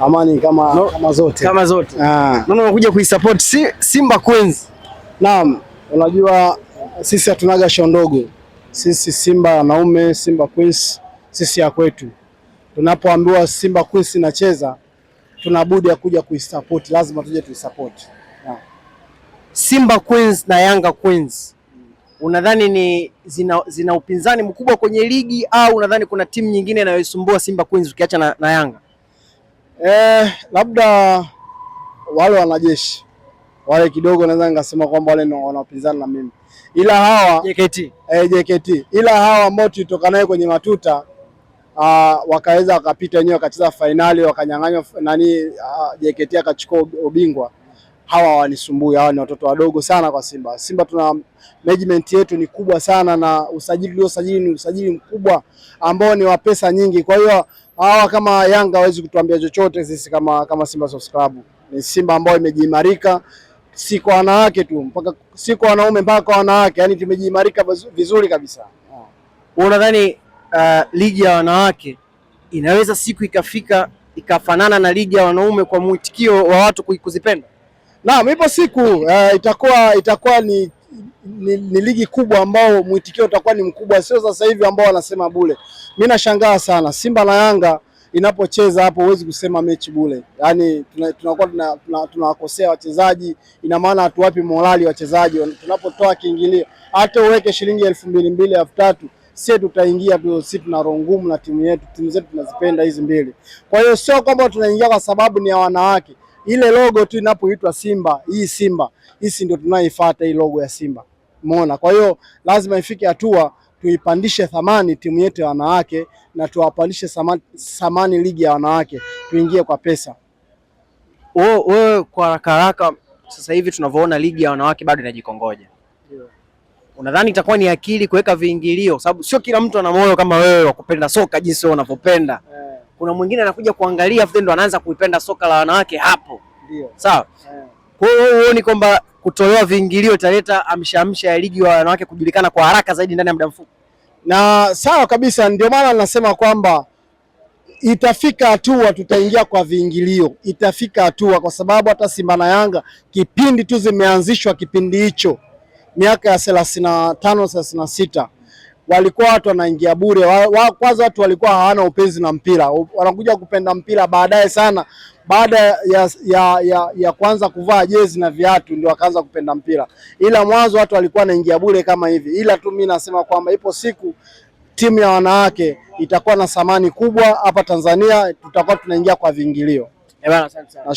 Amani kama, no, kama zote, kama zote. Ah. Naona unakuja kuisupport si, Simba Queens. Naam, unajua sisi hatunaga show ndogo. Sisi Simba wanaume, Simba Queens, sisi ya kwetu. Tunapoambiwa Simba Queens inacheza, tunabudi ya kuja kuisupport, lazima tuje tuisupport. Simba Queens na Yanga Queens unadhani ni zina, zina upinzani mkubwa kwenye ligi au unadhani kuna timu nyingine inayoisumbua Simba Queens ukiacha na, na Yanga? Eh, labda wale wanajeshi wale kidogo naweza nikasema kwamba wale wanapinzana na mimi, ila hawa JKT, eh, JKT ila hawa ambao tulitoka naye kwenye matuta Uh, wakaweza wakapita wenyewe wakacheza fainali wakanyang'anywa nani, uh, ah, JKT akachukua ubingwa. Hawa wanisumbui, hawa ni watoto wadogo sana kwa Simba. Simba tuna management yetu ni kubwa sana, na usajili uliosajili ni usajili mkubwa ambao ni wa pesa nyingi, kwa hiyo hawa kama Yanga hawezi kutuambia chochote sisi kama, kama Simba Sports Club. Ni Simba ambayo imejiimarika si kwa wanawake tu mpaka si kwa wanaume mpaka kwa wanawake, yani tumejiimarika vizuri kabisa. Unadhani uh, ligi ya wanawake inaweza siku ikafika ikafanana na ligi ya wanaume kwa mwitikio wa watu kuzipenda? Naam, ipo siku uh, itakuwa itakuwa ni ni, ni ligi kubwa ambao mwitikio utakuwa ni mkubwa, sio sasa hivi ambao wanasema bure. Mimi nashangaa sana Simba na Yanga inapocheza hapo, huwezi kusema mechi bure, yaani tunakuwa tuna, tuna, tuna, tuna wachezaji. Ina maana hatuwapi morali wachezaji tunapotoa kiingilio, hata uweke shilingi elfu mbili mbili elfu tatu sie tutaingia tu, si tuna roho ngumu na timu yetu, timu zetu tunazipenda hizi mbili. Kwa hiyo sio kwamba tunaingia kwa sababu ni ya wanawake, ile logo tu inapoitwa Simba, hii Simba hisi ndio tunaifuata hii logo ya Simba. Umeona, kwa hiyo lazima ifike hatua tuipandishe thamani timu yetu ya wanawake na tuwapandishe thamani, ligi ya wanawake tuingie kwa pesa. Wewe kwa haraka haraka, sasa hivi tunavyoona ligi ya wanawake bado inajikongoja, yeah. Unadhani itakuwa ni akili kuweka viingilio, sababu sio kila mtu ana moyo kama wewe wa kupenda soka jinsi wewe unavyopenda, yeah. Kuna mwingine anakuja kuangalia afu ndo anaanza kuipenda soka la wanawake hapo, yeah. Sawa, yeah. Kwa hiyo huoni kwamba kutolewa viingilio italeta amshaamsha ya ligi wa wanawake kujulikana kwa haraka zaidi ndani ya muda mfupi. Na sawa kabisa, ndio maana nasema kwamba itafika hatua tutaingia kwa viingilio, itafika hatua kwa sababu hata Simba na Yanga kipindi tu zimeanzishwa, kipindi hicho miaka ya thelathini na tano thelathini na sita walikuwa watu wanaingia bure. Kwanza watu walikuwa hawana upenzi na mpira, wanakuja kupenda mpira baadaye sana, baada ya, ya, ya, ya kuanza kuvaa jezi na viatu ndio akaanza kupenda mpira, ila mwanzo watu walikuwa wanaingia bure kama hivi, ila tu mimi nasema kwamba ipo siku timu ya wanawake itakuwa na thamani kubwa hapa Tanzania, tutakuwa tunaingia kwa viingilio. Eh asante sana.